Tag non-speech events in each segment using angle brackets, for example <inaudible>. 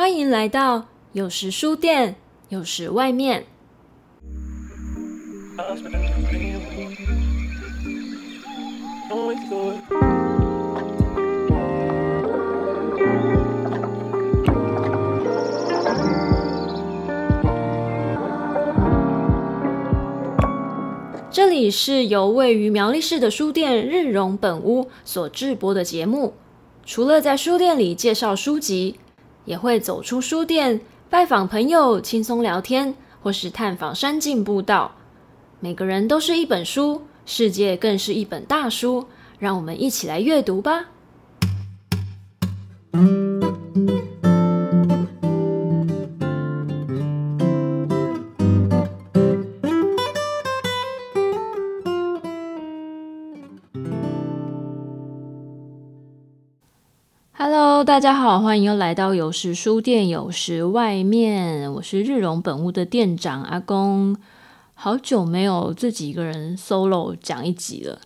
歡迎來到有時書店，有時外面。這裡是由位於苗栗市的書店日榮本屋所制播的節目，除了在書店裡介紹書籍，也會走出書店，拜訪朋友，輕鬆聊天，或是探訪山徑步道。每個人都是一本書，世界更是一本大書。讓我們一起來閱讀吧。嗯大家好，歡迎又來到有時書店，有時外面，我是日榮本屋的店長阿公。好久沒有自己一個人 solo 講一集了，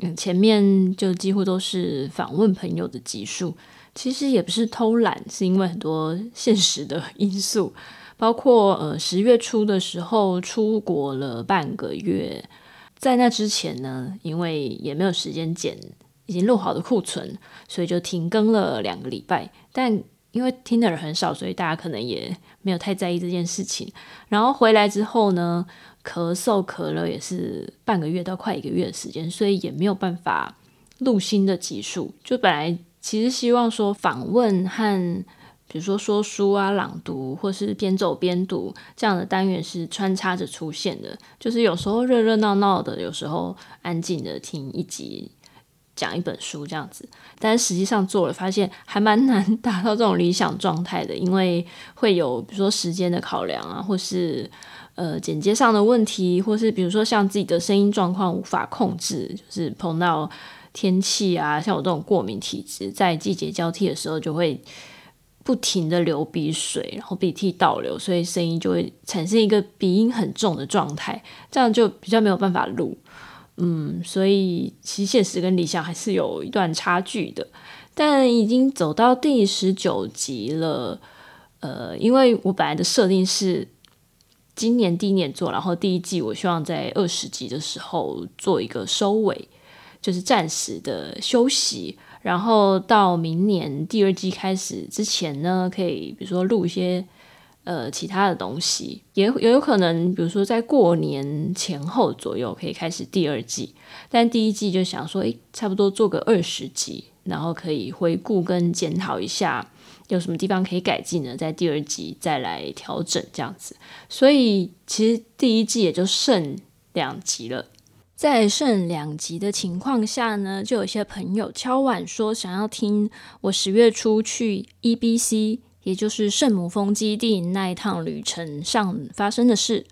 嗯，前面就幾乎都是訪問朋友的集數。其實也不是偷懶，是因為很多現實的因素，包括呃十月初的時候出國了半個月，在那之前呢，因為也沒有時間剪。已經錄好的庫存，所以就停更了兩個禮拜。但因為聽的人很少，所以大家可能也沒有太在意這件事情。然後回來之後呢，咳嗽咳了也是半個月到快一個月的時間，所以也沒有辦法錄新的集數。就本來其實希望說訪問和比如說說書啊、朗讀或是邊走邊讀這樣的單元是穿插着出現的，就是有時候熱熱鬧鬧的，有時候安靜的聽一集。講一本書這樣子，但實際上做了，發現還蠻難達到這種理想狀態的，因為會有比如說時間的考量啊，或是呃剪接上的問題，或是比如說像自己的聲音狀況無法控制，就是碰到天氣啊，像我這種過敏體質，在季節交替的時候就會不停的流鼻水，然後鼻涕倒流，所以聲音就會產生一個鼻音很重的狀態，這樣就比較沒有辦法錄。嗯，所以其實現實跟理想還是有一段差距的，但已經走到第十九集了。呃，因為我本來的設定是今年第一年做，然後第一季我希望在二十集的時候做一個收尾，就是暫時的休息，然後到明年第二季開始之前呢，可以比如說錄一些。呃，其他的東西也也有可能，比如說在過年前後左右可以開始第二季，但第一季就想說，誒、欸，差不多做個二十集，然後可以回顧跟檢討一下，有什麼地方可以改進呢？在第二季再來調整這樣子。所以其實第一季也就剩兩集了，在剩兩集的情況下呢，就有些朋友敲碗說想要聽我十月初去 EBC。也就是聖母峰基地那一趟旅程上發生的事，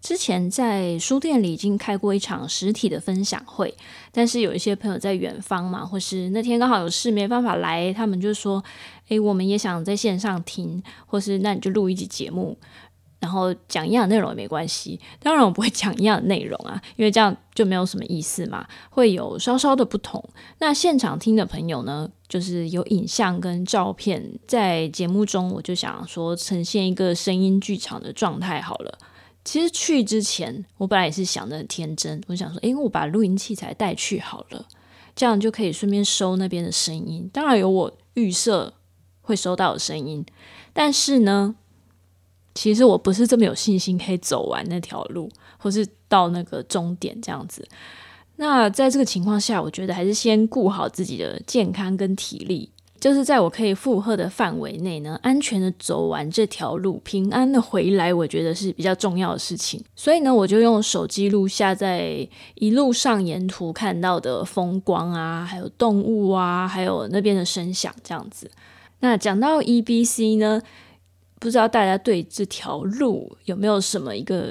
之前在書店裡已經開過一場實體的分享會，但是有一些朋友在遠方嘛，或是那天剛好有事沒辦法來，他們就說：“誒、欸，我們也想在線上聽，或是那你就錄一集節目。”然後講一樣的內容也沒關係，當然我不會講一樣的內容啊，因為這樣就沒有什麼意思嘛。會有稍稍的不同。那現場聽的朋友呢，就是有影像跟照片在節目中，我就想說呈現一個聲音劇場的狀態好了。其實去之前，我本來也是想的很天真，我想說，為我把錄音器材帶去好了，這樣就可以順便收那邊的聲音。當然有我預設會收到的聲音，但是呢。其實我不是這麼有信心可以走完那條路，或是到那個終點這樣子。那在這個情況下，我覺得還是先顧好自己的健康跟體力，就是在我可以負荷的範圍內呢，安全的走完這條路，平安的回來，我覺得是比較重要的事情。所以呢，我就用手機錄下在一路上沿途看到的風光啊，還有動物啊，還有那邊的聲響這樣子。那講到 EBC 呢？不知道大家對這條路有沒有什麼一個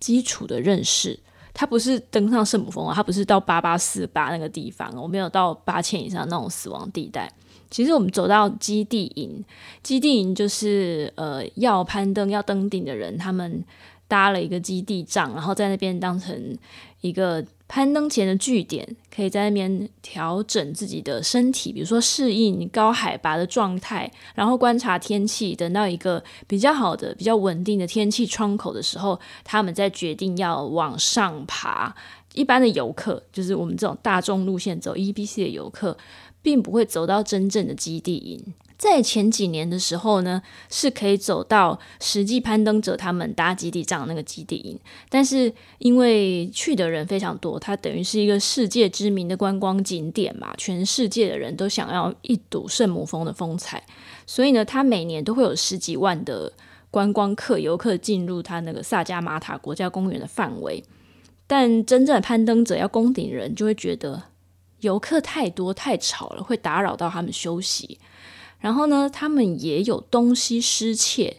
基礎的認識？它不是登上聖母峰啊，它不是到八八四八那個地方，我沒有到八千以上那種死亡地帶。其實我們走到基地營，基地營就是呃要攀登、要登頂的人，他們搭了一個基地帳，然後在那邊當成一個。攀登前的據點，可以在那邊調整自己的身體，比如說適應高海拔的狀態，然後觀察天氣，等到一個比較好的、比較穩定的天氣窗口的時候，他們再決定要往上爬。一般的游客，就是我們這種大眾路線走 EBC 的游客，並不會走到真正的基地營。在前幾年的時候呢，是可以走到實際攀登者，他們搭基地帳的那個基地營，但是因為去的人非常多，它，等於是一個世界知名的觀光景點嘛，全世界的人都想要一睹聖母峰的風采，所以呢，它每年都會有十幾萬的觀光客、遊客進入它那個薩加馬塔國家公園的範圍，但真正的攀登者、要攻頂的人就會覺得遊客太多太吵了，會打擾到他們休息。然後呢，他們也有東西失竊，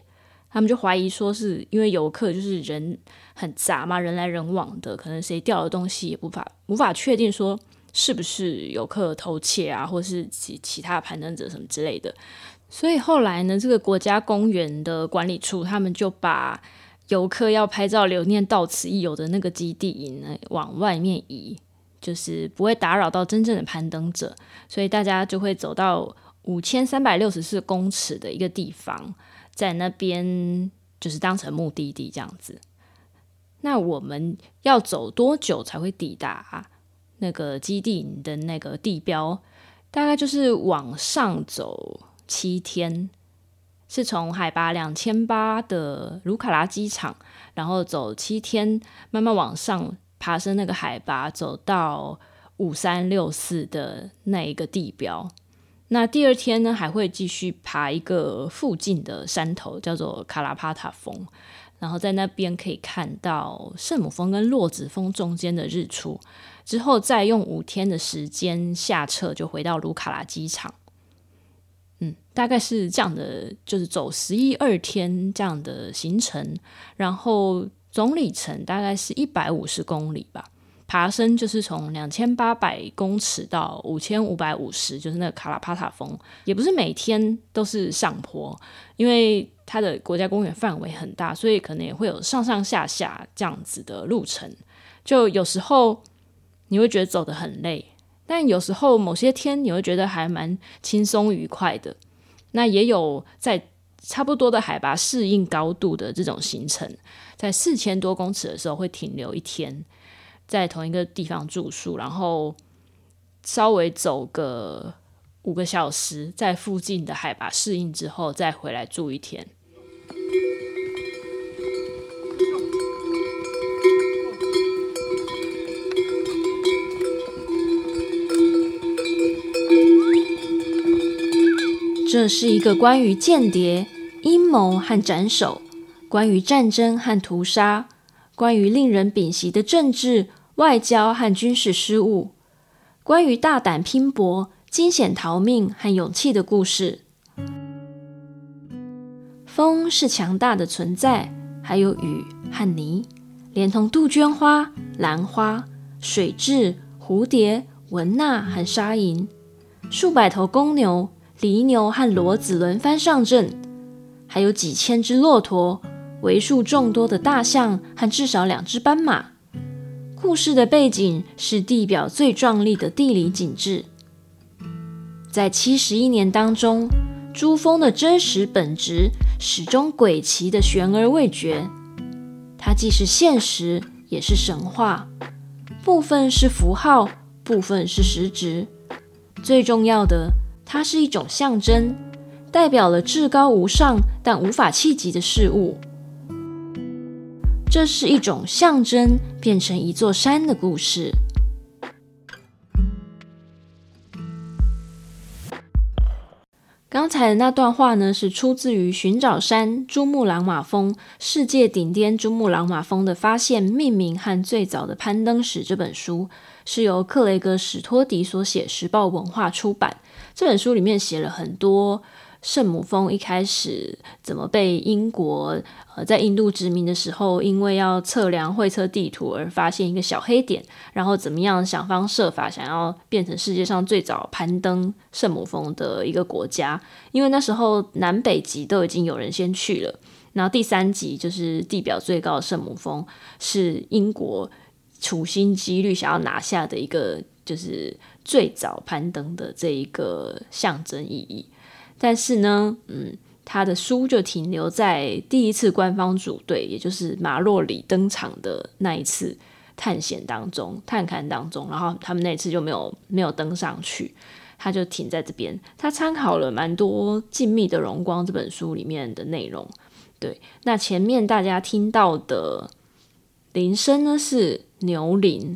他們就懷疑說是因為遊客，就是人很雜嘛，人來人往的，可能誰掉的東西也無法無法確定說是不是遊客偷竊啊，或是其其他攀登者什麼之類的。所以後來呢，這個國家公園的管理處他們就把遊客要拍照留念，到此一遊的那個基地營呢往外面移，就是不會打擾到真正的攀登者，所以大家就會走到。五千三百六十四公尺的一個地方，在那邊就是當成目的地這樣子。那我們要走多久才會抵達那個基地的那個地標？大概就是往上走七天，是從海拔兩千八的盧卡拉機場，然後走七天，慢慢往上爬升那個海拔，走到五三六四的那一個地標。那第二天呢，還會繼續爬一個附近的山頭，叫做卡拉帕塔峰，然後在那邊可以看到聖母峰跟洛子峰中間的日出。之後再用五天的時間下撤就回到盧卡拉機場。嗯，大概是這樣的，就是走十一二天這樣的行程，然後總里程大概是一百五十公里吧。爬升就是從兩千八百公尺到五千五百五十，就是那個卡拉帕塔峰，也不是每天都是上坡，因為它的國家公園範圍很大，所以可能也會有上上下下這樣子的路程。就有時候你會覺得走得很累，但有時候某些天你會覺得還蠻輕鬆愉快的。那也有在差不多的海拔適應高度的這種行程，在四千多公尺的時候會停留一天。在同一個地方住宿，然後稍微走個五個小時，在附近的海拔適應之後，再回來住一天。這是一個關於間諜、陰謀和斬首，關於戰爭和屠殺。關於令人屏息的政治、外交和軍事失誤，關於大膽拼搏、驚險逃命和勇氣的故事。風是強大的存在，還有雨和泥，連同杜鵑花、蘭花、水蛭、蝴蝶、蚊蚋和沙蠅，數百頭公牛、犁牛和騾子輪番上陣，還有幾千隻駱駝。為數眾多的大象和至少兩隻斑馬。故事的背景是地表最壯麗的地理景緻。在七十一年當中，珠峰的真實本質始終詭奇的懸而未決。它既是現實，也是神話，部分是符號，部分是實質。最重要的，它是一種象徵，代表了至高無上但無法企及的事物。這是一種象徵變成一座山的故事。剛才的那段話呢，是出自於《尋找山：珠穆朗瑪峰世界頂巔——珠穆朗瑪峰的發現、命名和最早的攀登史》這本書，是由克雷格·史托迪所寫，時報文化出版。這本書裡面寫了很多。聖母峰一開始怎麼被英國呃在印度殖民的時候，因為要測量測繪地圖而發現一個小黑點，然後怎麼樣想方設法想要變成世界上最早攀登聖母峰的一個國家，因為那時候南北極都已經有人先去了，然後第三極就是地表最高的聖母峰是英國處心積慮想要拿下的一個，就是最早攀登的這一個象徵意義。但是呢，嗯，他的書就停留在第一次官方組隊，也就是馬洛里登場的那一次探險當中、探勘當中，然後他們那次就沒有沒有登上去，他就停在這邊。他參考了蠻多《靜謐的榮光》這本書裡面的內容。對，那前面大家聽到的鈴聲呢，是牛鈴，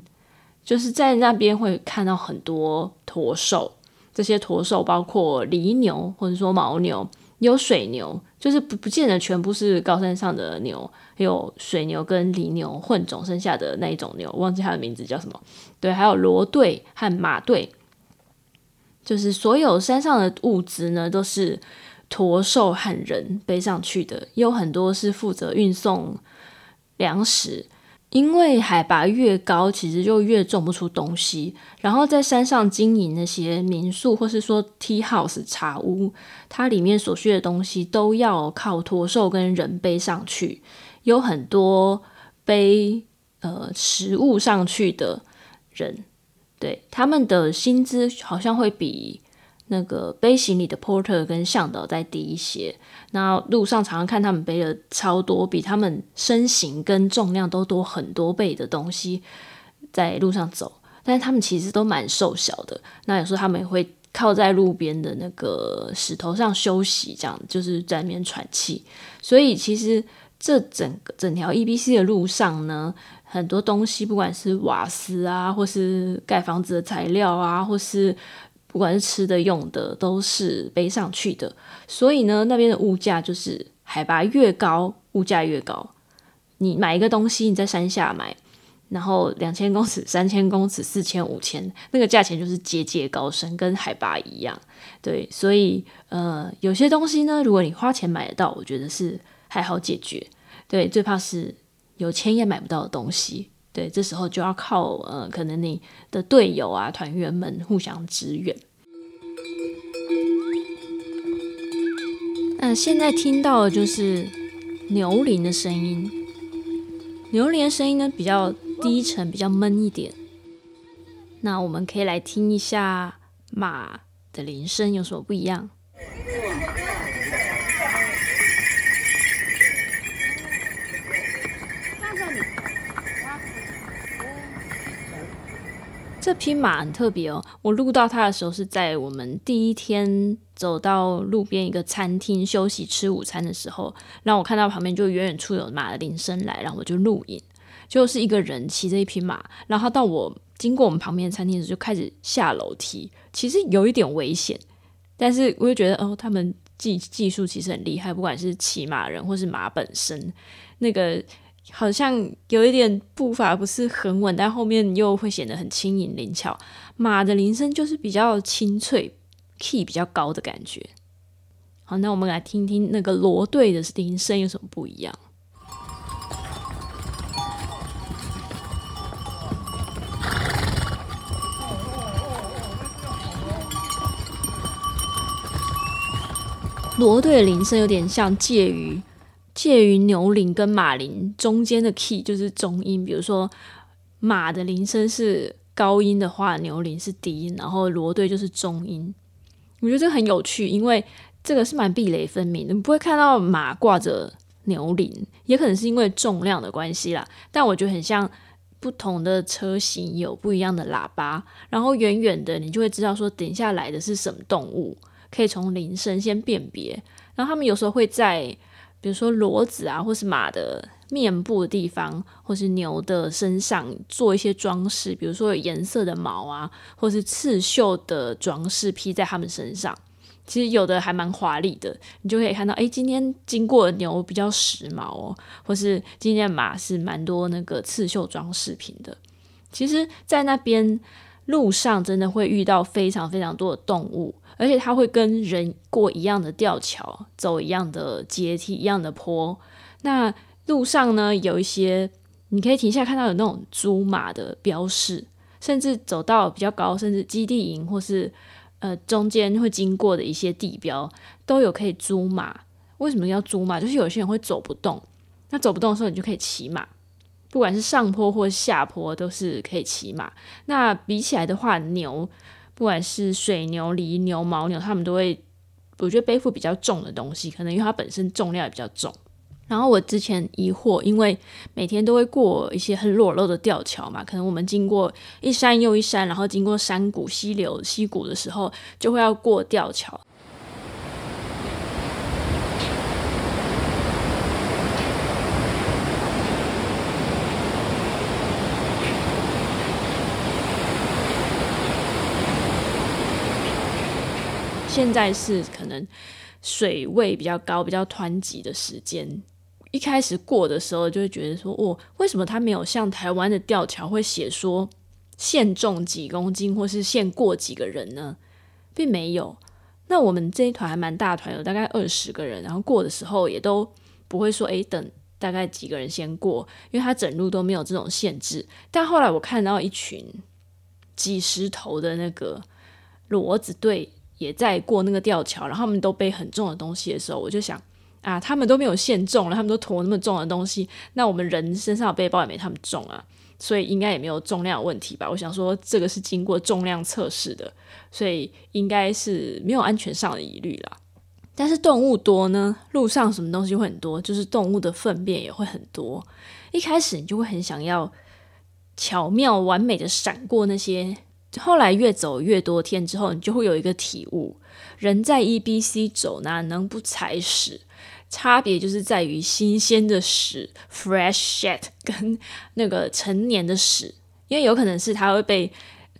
就是在那邊會看到很多駝獸。這些駝獸包括犁牛或者說牦牛，有水牛，就是不不見得全部是高山上的牛，也有水牛跟犁牛混種生下的那一種牛，忘記它的名字叫什麼。對，還有騾隊和馬隊，就是所有山上的物資呢，都是駝獸和人背上去的，也有很多是負責運送糧食。因為海拔越高，其實就越種不出東西。然後在山上經營那些民宿，或是說 tea house 茶屋，它裡面所需的東西都要靠馱獸跟人背上去，有很多背呃食物上去的人，對他們的薪資好像會比。那個背行李的 porter 跟向導再低一些，那路上常常看他們背了超多，比他們身形跟重量都多很多倍的東西在路上走，但是他們其實都蠻瘦小的。那有時候他們也會靠在路邊的那個石頭上休息，這樣就是在那邊喘氣。所以其實這整個整條 EBC 的路上呢，很多東西，不管是瓦斯啊，或是蓋房子的材料啊，或是。不管是吃的用的，都是背上去的。所以呢，那邊的物價就是海拔越高，物價越高。你買一個東西，你在山下買，然後兩千公尺、三千公尺、四千、五千，那個價錢就是節節高升，跟海拔一樣。對，所以呃，有些東西呢，如果你花錢買得到，我覺得是還好解決。對，最怕是有錢也買不到的東西。對，這時候就要靠呃，可能你的隊友啊、團員們互相支援。那、呃、現在聽到的就是牛鈴的聲音，牛鈴聲音呢，比較低沉，比較悶一點。那我們可以來聽一下馬的鈴聲有什麼不一樣。這匹馬很特別哦，我錄到它的時候是在我們第一天走到路邊一個餐廳休息吃午餐的時候，然後我看到旁邊就遠遠處有馬的鈴聲來，然後我就錄影，就是一個人騎着一匹馬，然後到我經過我們旁邊的餐廳的時候就開始下樓梯，其實有一點危險，但是我就覺得哦，他們技技術其實很厲害，不管是騎馬人或是馬本身，那個。好像有一點步伐不是很穩，但後面又會顯得很輕盈靈巧。馬的鈴聲就是比較清脆、key 比較高的感覺。好，那我們來聽聽那個騾隊的鈴聲有什麼不一樣。騾隊的鈴聲有點像介於。介於牛鈴跟馬鈴中間的 key 就是中音，比如說，馬的鈴聲是高音的話，牛鈴是低音，然後騾隊就是中音。我覺得這個很有趣，因為這個是蠻壁壘分明的，你不會看到馬掛着牛鈴，也可能是因為重量的關係啦。但我覺得很像不同的車型有不一樣的喇叭，然後遠遠的你就會知道說等下來的是什麼動物，可以從鈴聲先辨別。然後他們有時候會在。比如說騾子啊，或是馬的面部的地方，或是牛的身上做一些裝飾，比如說有顏色的毛啊，或是刺繡的裝飾披在它們身上，其實有的還蠻華麗的。你就可以看到，哎，今天經過的牛比較時髦哦，或是今天的馬是蠻多那個刺繡裝飾品的。其實，在那邊。路上真的會遇到非常非常多的動物，而且它會跟人過一樣的吊橋，走一樣的階梯，一樣的坡。那路上呢，有一些你可以停下來看到有那種租馬的標識，甚至走到比較高，甚至基地營或是呃中間會經過的一些地標，都有可以租馬。為什麼要租馬？就是有些人會走不動，那走不動的時候，你就可以騎馬。不管是上坡或下坡都是可以騎馬。那比起來的話，牛不管是水牛、犁牛、犛牛，它們都會，我覺得背負比較重的東西，可能因為它本身重量也比較重。然後我之前疑惑，因為每天都會過一些很裸露的吊橋嘛，可能我們經過一山又一山，然後經過山谷、溪流、溪谷的時候，就會要過吊橋。現在是可能水位比較高，比較湍急的時間。一開始過的時候，就會覺得說：“哦，為什麼他沒有像台灣的吊橋會寫說限重幾公斤，或是限過幾個人呢？”並沒有。那我們這一團還蠻大的團，有大概二十個人，然後過的時候也都不會說：“誒，等大概幾個人先過。”因為他整路都沒有這種限制。但後來我看到一群幾十頭的那個騾子隊。也在過那個吊橋，然後他們都背很重的東西的時候，我就想啊，他們都沒有限重了，他們都馱那麼重的東西，那我們人身上的背包也沒他們重啊，所以應該也沒有重量的問題吧？我想說這個是經過重量測試的，所以應該是沒有安全上的疑慮啦。但是動物多呢，路上什麼東西會很多，就是動物的糞便也會很多。一開始你就會很想要巧妙完美的閃過那些。後來越走越多天之後，你就會有一個體悟：人在 EBC 走，哪能不踩屎？差別就是在於新鮮的屎 （fresh shit） 跟那個成年的屎，因為有可能是它會被。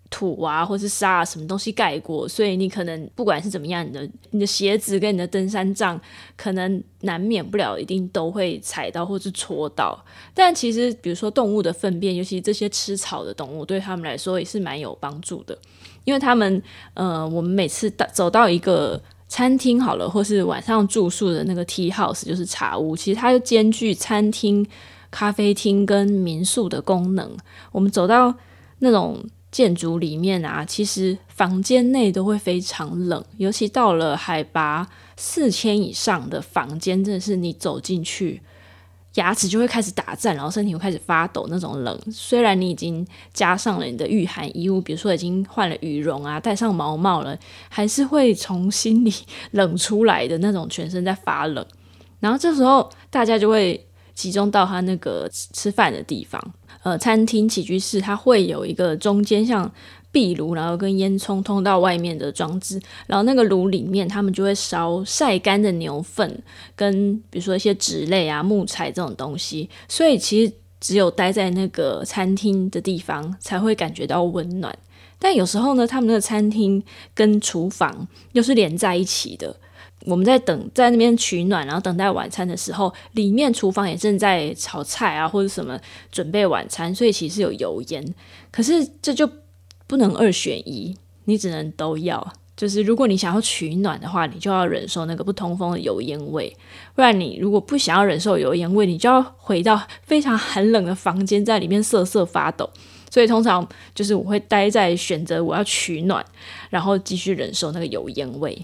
土啊，或是沙啊，什麼東西蓋過，所以你可能不管是怎麼樣，你的你的鞋子跟你的登山杖，可能難免不了一定都會踩到或是戳到。但其實，比如說動物的糞便，尤其這些吃草的動物，對他們來說也是蠻有幫助的，因為他們呃，我們每次到走到一個餐廳好了，或是晚上住宿的那個 tea house，就是茶屋，其實它就兼具餐廳、咖啡廳跟民宿的功能。我們走到那種。建築裡面啊，其實房間內都會非常冷，尤其到了海拔四千以上的房間，真的是你走進去，牙齒就會開始打顫，然後身體會開始發抖，那種冷。雖然你已經加上了你的禦寒衣物，比如說已經換了羽絨啊，戴上毛帽了，還是會從心裡冷出來的那種，全身在發冷。然後這時候大家就會。集中到他那個吃飯的地方，呃，餐廳起居室，它會有一個中間像壁爐，然後跟煙囪通到外面的裝置，然後那個爐裡面他們就會燒曬乾的牛糞，跟比如說一些紙類啊、木材這種東西，所以其實只有待在那個餐廳的地方才會感覺到溫暖，但有時候呢，他們那個餐廳跟廚房又是連在一起的。我們在等在那邊取暖，然後等待晚餐的時候，裡面廚房也正在炒菜啊，或者什麼準備晚餐，所以其實有油煙。可是這就不能二選一，你只能都要。就是如果你想要取暖的話，你就要忍受那個不通風的油煙味；不然你如果不想要忍受油煙味，你就要回到非常寒冷的房間，在裡面瑟瑟發抖。所以通常就是我會待在選擇我要取暖，然後繼續忍受那個油煙味。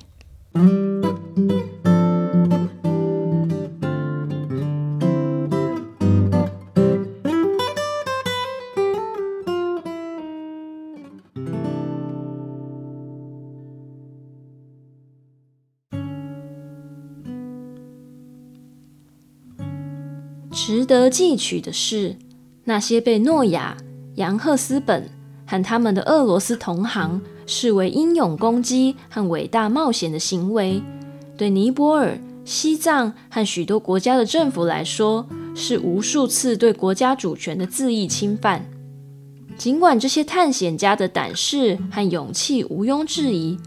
值得記取的是，那些被諾亞、楊赫斯本。和他們的俄羅斯同行視為英勇攻擊和偉大冒險的行為，對尼泊爾、西藏和許多國家的政府來說，是無數次對國家主權的恣意侵犯。儘管這些探險家的膽識和勇氣毋庸置疑，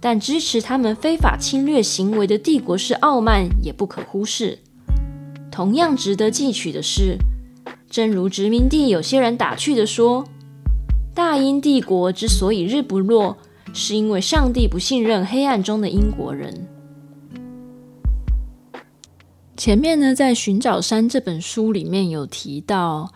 但支持他們非法侵略行為的帝國式傲慢也不可忽視。同樣值得記取的是，正如殖民地有些人打趣地說。大英帝國之所以日不落，是因為上帝不信任黑暗中的英國人。前面呢，在《尋找山》這本書裡面有提到，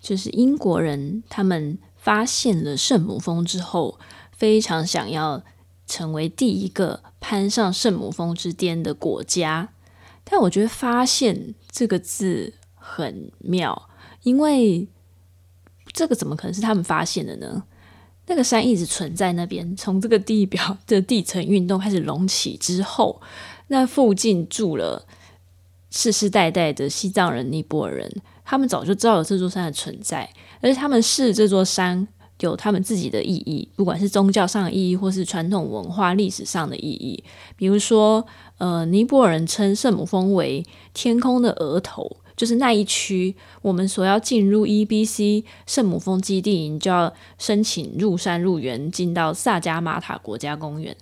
就是英國人他們發現了聖母峰之後，非常想要成為第一個攀上聖母峰之巔的國家。但我覺得“發現”這個字很妙，因為……這個怎麼可能是他們發現的呢？那個山一直存在那邊，從這個地表的地層運動開始隆起之後，那附近住了世世代代的西藏人、尼泊爾人，他們早就知道有這座山的存在，而且他們是這座山有他們自己的意義，不管是宗教上的意義，或是傳統文化、歷史上的意義。比如說，呃，尼泊爾人稱聖母峰為“天空的額頭”。就是那一區，我們所要進入 EBC 聖母峰基地營，就要申請入山入園，進到薩加瑪塔國家公園。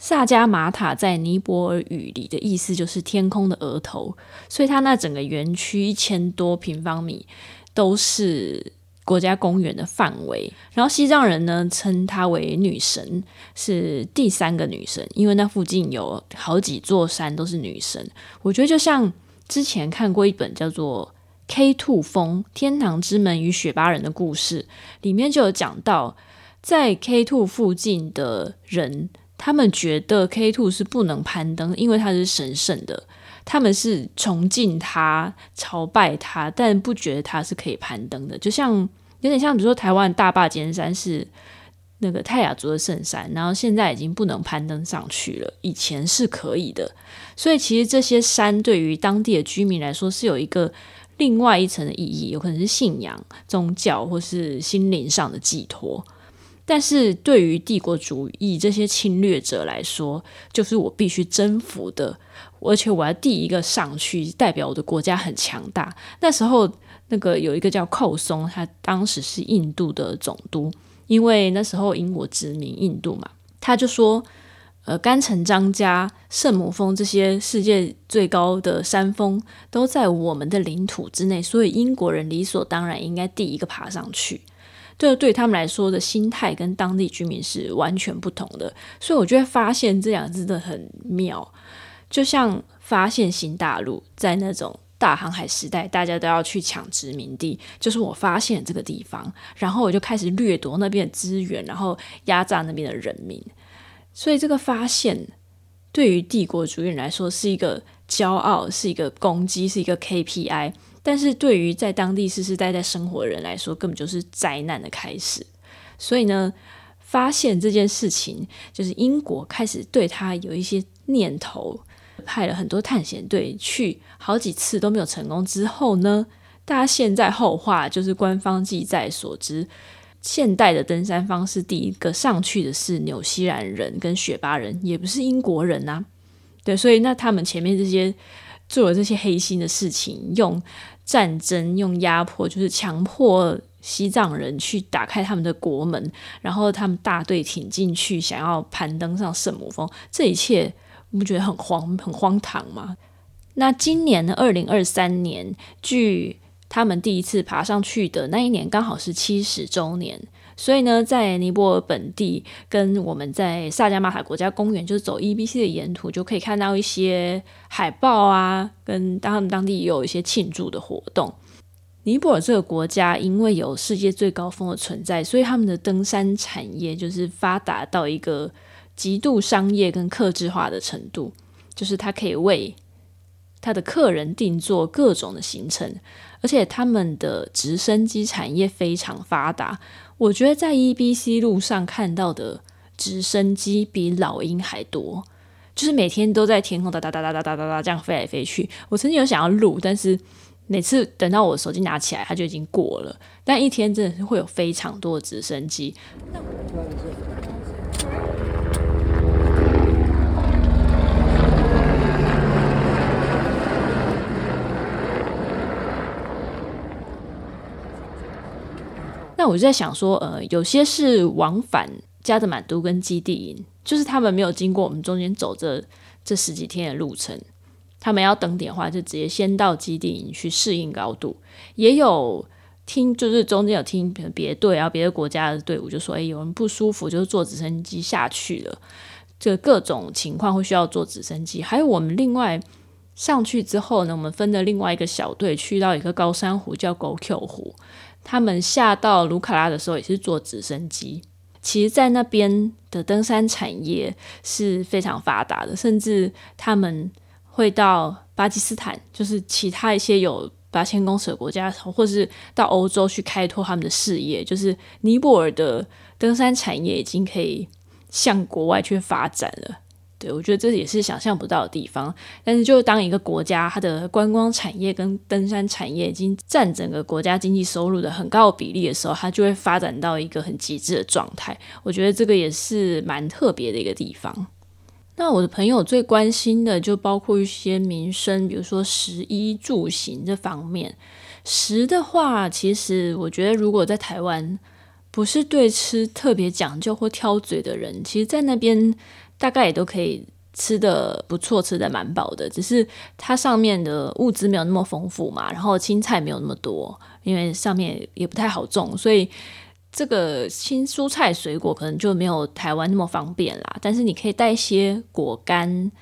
薩加瑪塔在尼泊爾語裡的意思就是天空的額頭，所以它那整個園區一千多平方米都是國家公園的範圍。然後西藏人呢稱它為女神，是第三個女神，因為那附近有好幾座山都是女神。我覺得就像。之前看過一本叫做 K《K two 風天堂之門與雪巴人的故事》，裡面就有講到，在 K two 附近的人，他們覺得 K two 是不能攀登，因為它是神聖的。他們是崇敬他，朝拜他，但不覺得他是可以攀登的。就像有點像，比如說台灣大壩尖山是那個泰雅族的聖山，然後現在已經不能攀登上去了，以前是可以的。所以其實這些山對於當地的居民來說是有一個另外一層的意義，有可能是信仰、宗教或是心靈上的寄託。但是對於帝國主義這些侵略者來說，就是我必須征服的，而且我要第一個上去，代表我的國家很強大。那時候那個有一個叫寇松，他當時是印度的總督。因為那時候英國殖民印度嘛，他就說，呃，干城章嘉、聖母峰這些世界最高的山峰都在我們的領土之內，所以英國人理所當然應該第一個爬上去。這對，對他們來說的心態跟當地居民是完全不同的，所以我覺得發現這樣真的很妙，就像發現新大陸，在那種。大航海時代，大家都要去搶殖民地。就是我發現這個地方，然後我就開始掠奪那邊的資源，然後壓榨那邊的人民。所以這個發現對於帝國主義人來說是一個驕傲，是一個功績，是一個 KPI。但是，對於在當地世世代代生活的人來說，根本就是災難的開始。所以呢，發現這件事情，就是英國開始對他有一些念頭。派了很多探險隊去，好幾次都沒有成功。之後呢，大家現在後話就是官方記載所知，現代的登山方式第一個上去的是紐西蘭人跟雪巴人，也不是英國人吶、啊。對，所以那他們前面這些做了這些黑心的事情，用戰爭、用壓迫，就是強迫西藏人去打開他們的國門，然後他們大隊挺進去，想要攀登上聖母峰，這一切。你不覺得很荒很荒唐嗎？那今年的二零二三年，距他們第一次爬上去的那一年，剛好是七十周年。所以呢，在尼泊爾本地跟我們在薩加瑪塔國家公園，就是走 EBC 的沿途，就可以看到一些海報啊，跟他們當地也有一些慶祝的活動。尼泊爾這個國家，因為有世界最高峰的存在，所以他們的登山產業就是發達到一個。極度商業跟客製化的程度，就是他可以為他的客人定做各種的行程，而且他們的直升機產業非常發達。我覺得在 EBC 路上看到的直升機比老鷹還多，就是每天都在天空噠噠噠噠噠噠噠噠這樣飛來飛去。我曾經有想要錄，但是每次等到我手機拿起來，它就已經過了。但一天真的是會有非常多的直升機。那我就在想說，呃，有些是往返加德滿都跟基地營，就是他們沒有經過我們中間走這這十幾天的路程，他們要等點的話就直接先到基地營去適應高度。也有聽，就是中間有聽別的隊啊，然後別的國家的隊伍就說，哎、欸，有人不舒服，就是坐直升機下去了。這各種情況會需要坐直升機。還有我們另外上去之後呢，我們分了另外一個小隊去到一個高山湖，叫狗 Q 湖。他們下到盧卡拉的時候也是坐直升機。其實，在那邊的登山產業是非常發達的，甚至他們會到巴基斯坦，就是其他一些有八千公尺的國家，或者是到歐洲去開拓他們的事業。就是尼泊爾的登山產業已經可以向國外去發展了。我覺得這也是想象不到的地方，但是就當一個國家它的觀光產業跟登山產業已經佔整個國家經濟收入的很高的比例的時候，它就會發展到一個很極致的狀態。我覺得這個也是蠻特別的一個地方。那我的朋友最關心的就包括一些民生，比如說食衣住行這方面。食的話，其實我覺得如果在台灣不是對吃特別講究或挑嘴的人，其實，在那邊。大概也都可以吃得不錯，吃得蠻飽的，只是它上面的物資沒有那麼豐富嘛，然後青菜沒有那麼多，因為上面也不太好種，所以這個青蔬菜水果可能就沒有台灣那麼方便啦。但是你可以帶些果乾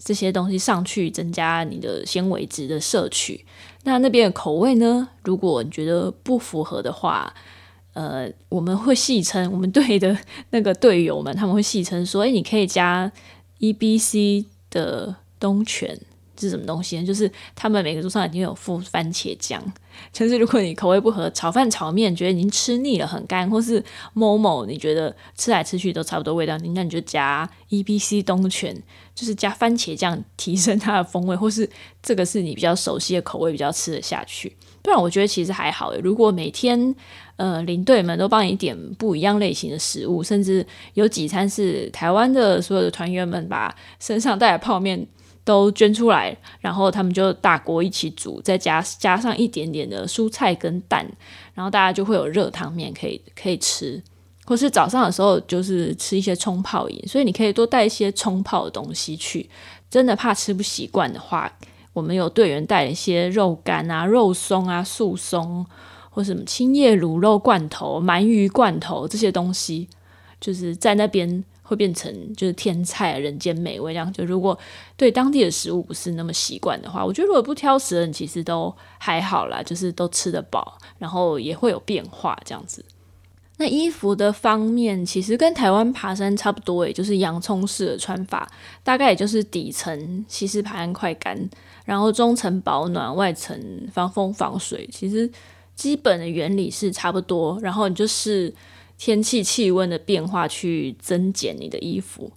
這些東西上去，增加你的纖維質的攝取。那那邊的口味呢？如果你覺得不符合的話。呃，我們會戲稱我們隊的那個隊友們，他們會戲稱說，欸，你可以加 EBC 的東泉。”是什麼東西呢？就是他們每個桌上已經有附番茄醬，就是如果你口味不合，炒飯、炒麵覺得已經吃膩了，很乾，或是 momo 你覺得吃來吃去都差不多味道，那你就加 EBC 東泉，就是加番茄醬提升它的風味，或是這個是你比較熟悉的口味，比較吃得下去。不然我覺得其實還好。如果每天呃領隊們都幫你點不一樣類型的食物，甚至有幾餐是台灣的所有的團員們把身上帶的泡麵，都捐出來，然後他們就大鍋一起煮，再加加上一點點的蔬菜跟蛋，然後大家就會有熱湯麵可以可以吃，或是早上的時候就是吃一些沖泡飲，所以你可以多帶一些沖泡的東西去。真的怕吃不習慣的話，我們有隊員帶了一些肉乾啊、肉鬆啊、素鬆或什麼青葉滷肉罐頭、鰻魚罐頭這些東西，就是在那邊。會變成就是天菜、人間美味這樣，就如果對當地的食物不是那麼習慣的話，我覺得如果不挑食的你其實都還好啦，就是都吃得飽，然後也會有變化這樣子。那衣服的方面，其實跟台灣爬山差不多，也就是洋蔥式的穿法，大概也就是底層其實爬山快乾，然後中層保暖，外層防風防水，其實基本的原理是差不多，然後你就是。天氣氣溫的變化去增減你的衣服，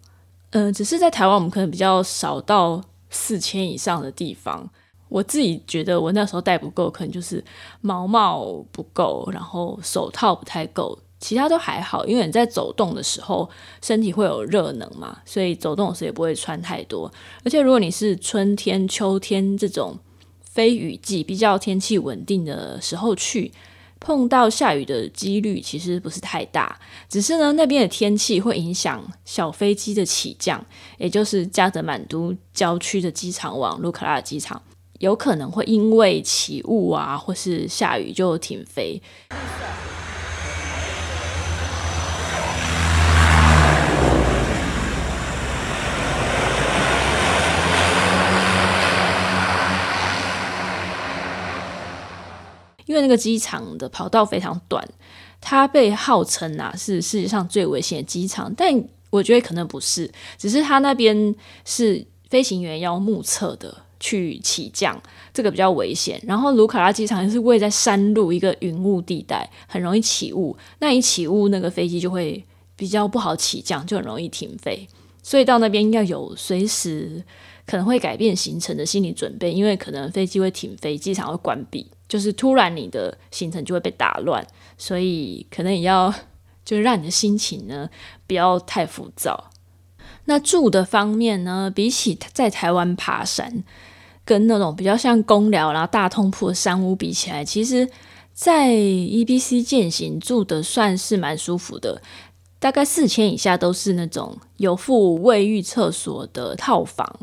嗯、呃，只是在台灣我們可能比較少到四千以上的地方。我自己覺得我那時候帶不夠，可能就是毛帽不夠，然後手套不太夠，其他都還好。因為你在走動的時候，身體會有熱能嘛，所以走動的時候也不會穿太多。而且如果你是春天、秋天這種非雨季、比較天氣穩定的時候去。碰到下雨的幾率其實不是太大，只是呢那邊的天氣會影響小飛機的起降，也就是加德滿都郊區的機場往盧卡拉的機場，有可能會因為起霧啊或是下雨就停飛。 <noise> 因為那個機場的跑道非常短，它被號稱啊是世界上最危險的機場，但我覺得可能不是，只是它那邊是飛行員要目測的去起降，這個比較危險。然後盧卡拉機場是位在山路一個雲霧地帶，很容易起霧。那一起霧，那個飛機就會比較不好起降，就很容易停飛。所以到那邊應該有隨時可能會改變行程的心理準備，因為可能飛機會停飛，機場會關閉。就是突然你的行程就會被打亂，所以可能也要就是讓你的心情呢不要太浮躁。那住的方面呢，比起在台灣爬山，跟那種比較像公寮然後大通鋪的山屋比起來，其實在 EBC 健行住的算是蠻舒服的，大概四千以下都是那種有附衛浴廁所的套房。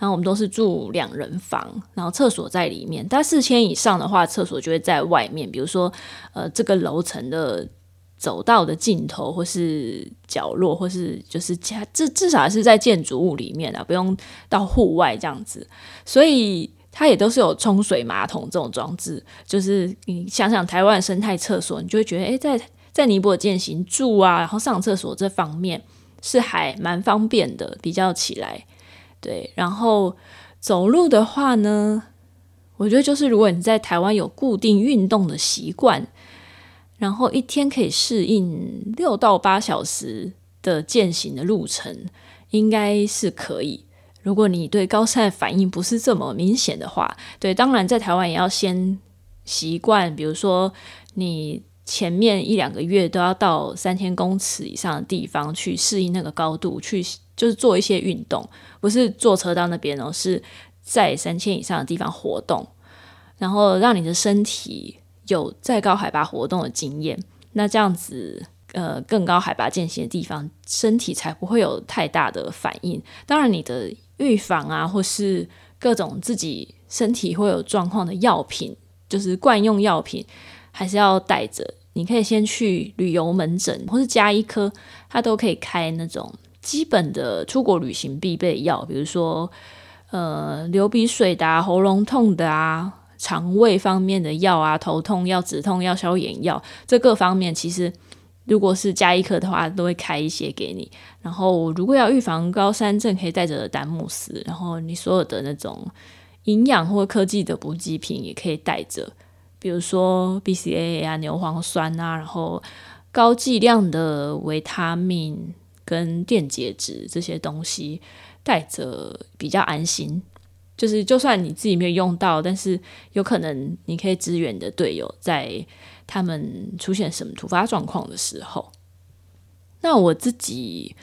然後我們都是住兩人房，然後廁所在裡面。但四千以上的話，廁所就會在外面，比如說呃這個樓層的走道的盡頭，或是角落，或是就是家至至少還是在建築物裡面啊，不用到戶外這樣子。所以它也都是有沖水馬桶這種裝置，就是你想想台灣生態廁所，你就會覺得哎，在在尼泊爾健行住啊，然後上廁所這方面是還蠻方便的，比較起來。對，然後走路的話呢，我覺得就是如果你在台灣有固定運動的習慣，然後一天可以適應六到八小時的健行的路程，應該是可以。如果你對高山反應不是這麼明顯的話，對，當然在台灣也要先習慣，比如說你前面一兩個月都要到三千公尺以上的地方去適應那個高度，去。就是做一些運動，不是坐車到那邊，哦，是在三千以上的地方活動，然後讓你的身體有在高海拔活動的經驗。那這樣子，呃，更高海拔健行的地方，身體才不會有太大的反應。當然，你的預防啊，或是各種自己身體會有狀況的藥品，就是慣用藥品，還是要帶着。你可以先去旅遊門診或是家醫科，它都可以開那種。基本的出國旅行必備藥，比如說，呃，流鼻水的啊、喉嚨痛的啊、腸胃方面的藥啊、頭痛藥、止痛藥、消炎藥，這各方面其實如果是加一顆的話，都會開一些給你。然後，如果要預防高山症，可以帶着丹木斯。然後，你所有的那種營養或科技的補給品也可以帶着，比如說 BCAA 啊、牛磺酸啊，然後高劑量的維他命。跟電解質這些東西帶着，比較安心，就是就算你自己沒有用到，但是有可能你可以支援的隊友在他們出現什麼突發狀況的時候。那我自己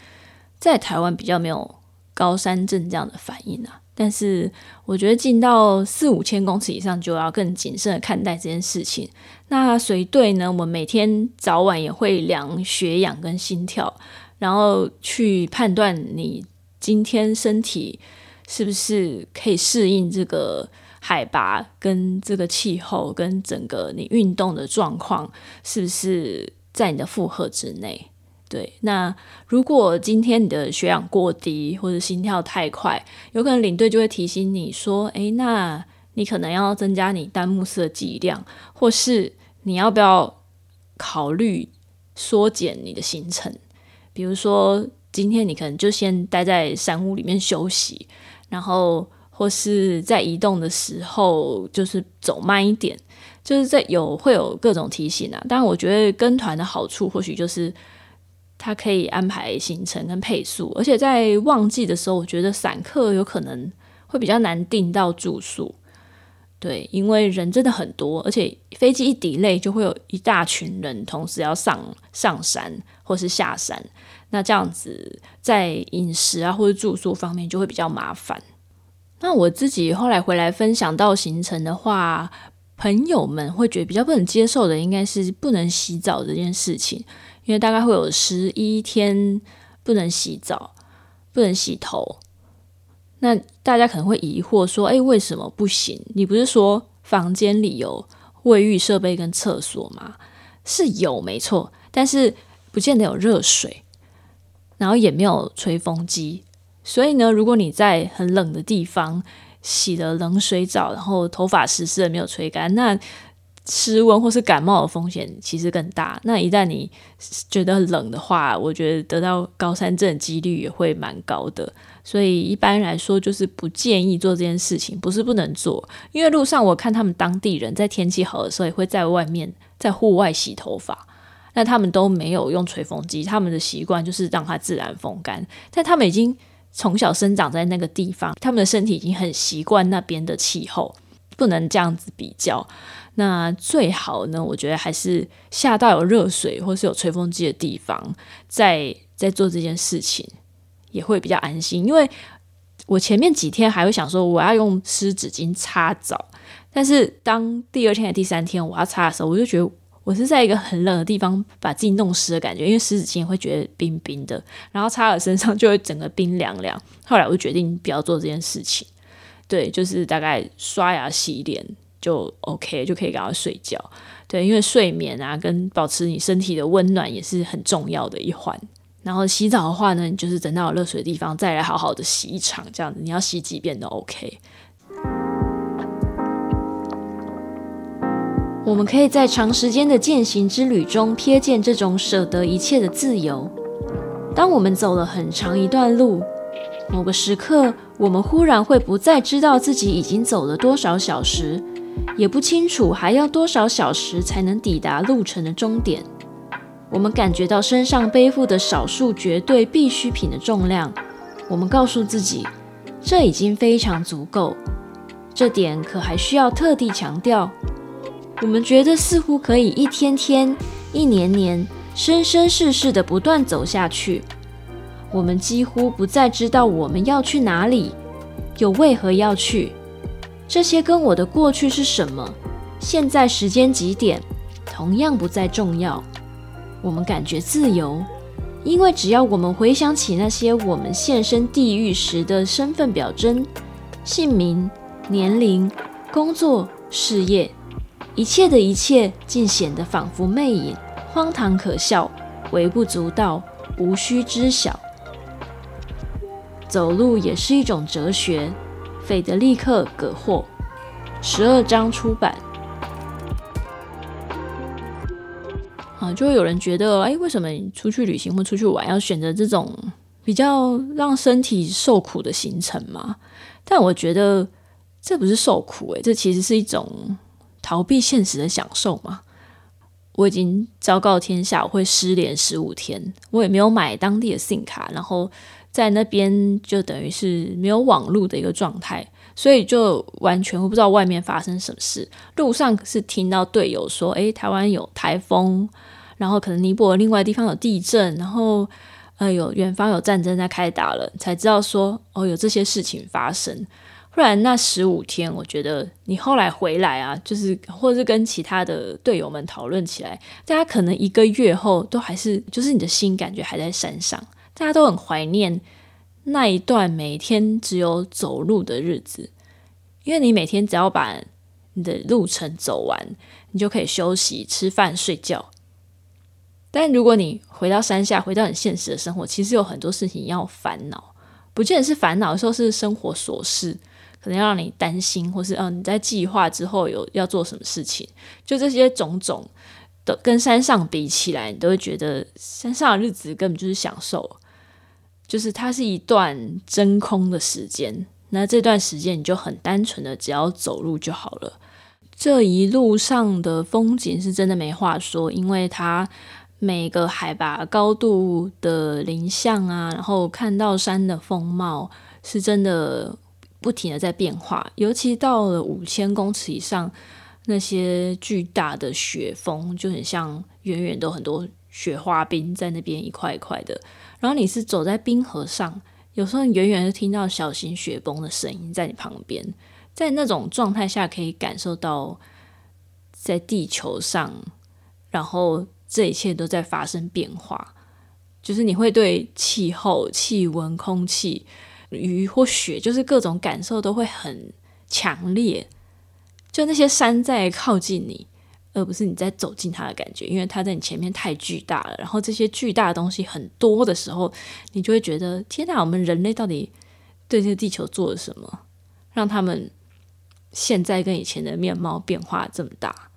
在台灣比較沒有高山症這樣的反應啊，但是我覺得進到四五千公尺以上就要更謹慎的看待這件事情。那隨隊呢，我每天早晚也會量血氧跟心跳。然後去判斷你今天身體是不是可以適應這個海拔，跟這個氣候，跟整個你運動的狀況，是不是在你的負荷之內？對，那如果今天你的血氧過低，或者心跳太快，有可能領隊就會提醒你說：“誒，那你可能要增加你丹木斯的劑量，或是你要不要考慮縮減你的行程？”比如說，今天你可能就先待在山屋裡面休息，然後或是在移動的時候就是走慢一點，就是在有會有各種提醒啊。但我覺得跟團的好處或許就是他可以安排行程跟配速，而且在旺季的時候，我覺得散客有可能會比較難訂到住宿。對，因為人真的很多，而且飛機一 delay 就會有一大群人同時要上上山，或是下山，那這樣子在飲食啊或者住宿方面就會比較麻煩。那我自己後來回來分享到行程的話，朋友們會覺得比較不能接受的應該是不能洗澡這件事情，因為大概會有十一天不能洗澡，不能洗頭。那大家可能會疑惑說：“哎、欸，為什麼不行？你不是說房間裡有衛浴設備跟廁所嗎？是有沒錯，但是不見得有熱水，然後也沒有吹風機。所以呢，如果你在很冷的地方洗了冷水澡，然後頭髮濕濕的沒有吹乾，那……”失溫或是感冒的風險其實更大。那一旦你覺得冷的話，我覺得得到高山症的幾率也會蠻高的。所以一般來說，就是不建議做這件事情。不是不能做，因為路上我看他們當地人在天氣好的時候也會在外面、在戶外洗頭髮，那他們都沒有用吹風機，他們的習慣就是讓它自然風乾。但他們已經從小生長在那個地方，他們的身體已經很習慣那邊的氣候。不能這樣子比較，那最好呢？我覺得還是下到有熱水或是有吹風機的地方，在，在做這件事情也會比較安心。因為我前面幾天還會想說我要用濕紙巾擦澡，但是當第二天的第三天我要擦的時候，我就覺得我是在一個很冷的地方把自己弄濕的感覺，因為濕紙巾會覺得冰冰的，然後擦了身上就會整個冰涼涼。後來我就決定不要做這件事情。對，就是大概刷牙、洗臉就 OK，就可以趕快睡覺。對，因為睡眠啊，跟保持你身體的溫暖也是很重要的一環。然後洗澡的話呢，你就是等到有熱水的地方再來好好的洗一場，這樣子你要洗幾遍都 OK。我們可以在長時間的健行之旅中瞥見這種舍得一切的自由。當我們走了很長一段路。某個時刻，我們忽然會不再知道自己已經走了多少小時，也不清楚還要多少小時才能抵達路程的終點。我們感覺到身上背負的少數絕對必需品的重量，我們告訴自己，這已經非常足夠。這點可還需要特地強調。我們覺得似乎可以一天天、一年年、生生世世的不斷走下去。我們幾乎不再知道我們要去哪裡，又為何要去？這些跟我的過去是什麼？現在時間幾點？同樣不再重要。我們感覺自由，因為只要我們回想起那些我們現身地獄時的身份表徵、姓名、年齡、工作、事業，一切的一切，竟顯得仿佛魅影，荒唐可笑，微不足道，無需知曉。走路也是一種哲學，斐德利克·葛霍，十二張出版。啊，就會有人覺得，哎、欸，為什麼你出去旅行或出去玩要選擇這種比較讓身體受苦的行程嘛？但我覺得這不是受苦、欸，誒，這其實是一種逃避現實的享受嘛。我已經昭告天下，我會失聯十五天，我也沒有買當地的 SIM 卡，然後。在那邊就等於是沒有網絡的一個狀態，所以就完全不知道外面發生什麼事。路上是聽到隊友說：“哎、欸，台灣有台風，然後可能尼泊爾另外地方有地震，然後呃有遠方有戰爭在開打了。”才知道說哦，有這些事情發生。不然那十五天，我覺得你後來回來啊，就是或是跟其他的隊友們討論起來，大家可能一個月後都還是就是你的心感覺還在山上。大家都很懷念那一段每天只有走路的日子，因為你每天只要把你的路程走完，你就可以休息、吃飯、睡覺。但如果你回到山下，回到很現實的生活，其實有很多事情要煩惱。不見得是煩惱，有時候是生活瑣事，可能要讓你擔心，或是哦、啊、你在計劃之後有要做什麼事情，就這些種種的，跟山上比起來，你都會覺得山上的日子根本就是享受。就是它是一段真空的時間，那這段時間你就很單純的只要走路就好了。這一路上的風景是真的沒話說，因為它每個海拔高度的林相啊，然後看到山的風貌是真的不停的在變化。尤其到了五千公尺以上，那些巨大的雪峰就很像遠遠都有很多雪花冰在那邊一塊一塊的。然後你是走在冰河上，有時候你遠遠就聽到小型雪崩的聲音在你旁邊，在那種狀態下可以感受到，在地球上，然後這一切都在發生變化，就是你會對氣候、氣溫、空氣、雨或雪，就是各種感受都會很強烈，就那些山在靠近你。而不是你在走近它的感覺，因為它在你前面太巨大了。然後這些巨大的東西很多的時候，你就會覺得天哪，我們人類到底對這個地球做了什麼？讓他們現在跟以前的面貌變化這麼大。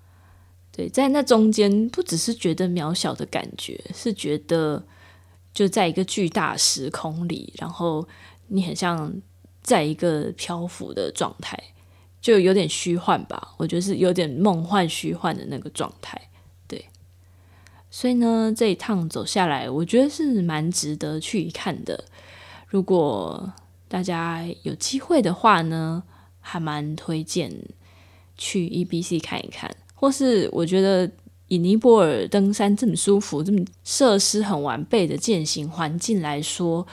對，在那中間不只是覺得渺小的感覺，是覺得就在一個巨大時空裡，然後你很像在一個漂浮的狀態。就有點虛幻吧，我覺得是有點夢幻虛幻的那個狀態，對。所以呢，這一趟走下來，我覺得是蠻值得去看的。如果大家有機會的話呢，還蠻推薦去 EBC 看一看，或是我覺得以尼泊爾登山這麼舒服、這麼設施很完備的健行環境來說，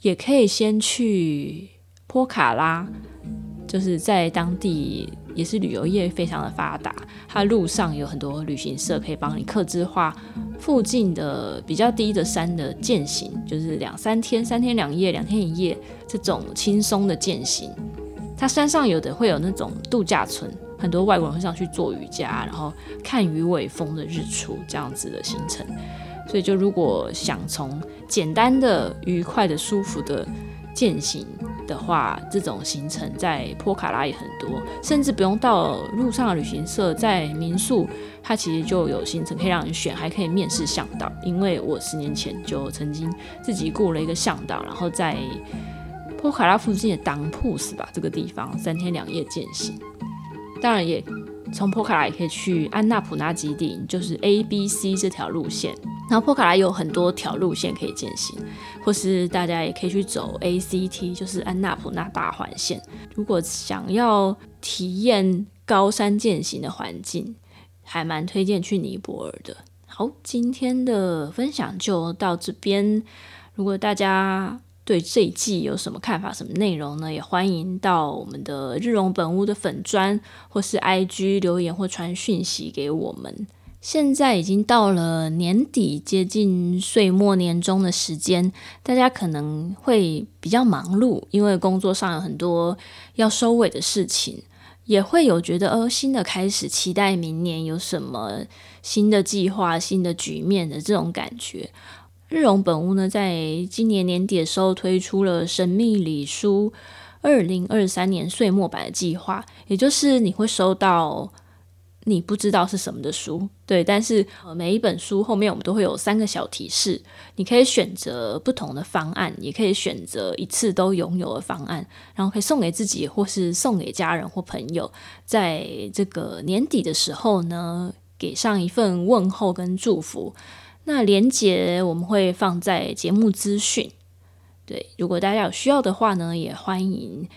也可以先去波卡拉。就是在當地也是旅遊業非常的發達，它路上有很多旅行社可以幫你客制化附近的比較低的山的健行，就是兩三天、三天兩夜、兩天一夜這種輕鬆的健行。它山上有的會有那種度假村，很多外國人會上去做瑜伽，然後看魚尾峰的日出這樣子的行程。所以就如果想從簡單的、愉快的、舒服的健行，的話，這種行程在波卡拉也很多，甚至不用到路上的旅行社，在民宿，它其實就有行程可以讓你選，還可以面試嚮導。因為我十年前就曾經自己僱了一個嚮導，然後在波卡拉附近的當鋪是吧，這個地方三天兩夜健行，當然也。從波卡拉也可以去安納普納基地，就是 A B C 這條路線。然後波卡拉有很多條路線可以健行，或是大家也可以去走 A C T，就是安納普納大環線。如果想要體驗高山健行的環境，還蠻推薦去尼泊爾的。好，今天的分享就到這邊。如果大家對這一季有什麼看法，什麼內容呢？也歡迎到我們的日榮本屋的粉專或是 IG 留言或傳訊息給我們。現在已經到了年底，接近歲末年終的時間，大家可能會比較忙碌，因為工作上有很多要收尾的事情，也會有覺得哦，新的開始，期待明年有什麼新的計劃、新的局面的這種感覺。日榮本屋呢，在今年年底的時候推出了神秘禮書二零二三年歲末版的計劃，也就是你會收到你不知道是什麼的書，對，但是，呃，每一本書後面我們都會有三個小提示，你可以選擇不同的方案，也可以選擇一次都擁有的方案，然後可以送給自己，或是送給家人或朋友，在這個年底的時候呢，給上一份問候跟祝福。那連結我們會放在節目資訊，對，如果大家有需要的話呢，也歡迎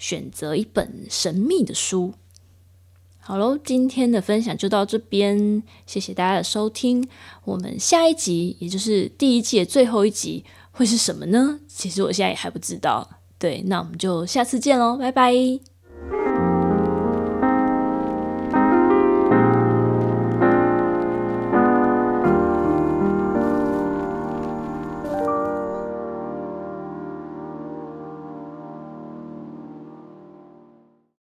選擇一本神秘的書。好嘍，今天的分享就到這邊，謝謝大家的收聽。我們下一集，也就是第一季的最後一集會是什麼呢？其實我現在也還不知道。對，那我們就下次見嘍，拜拜。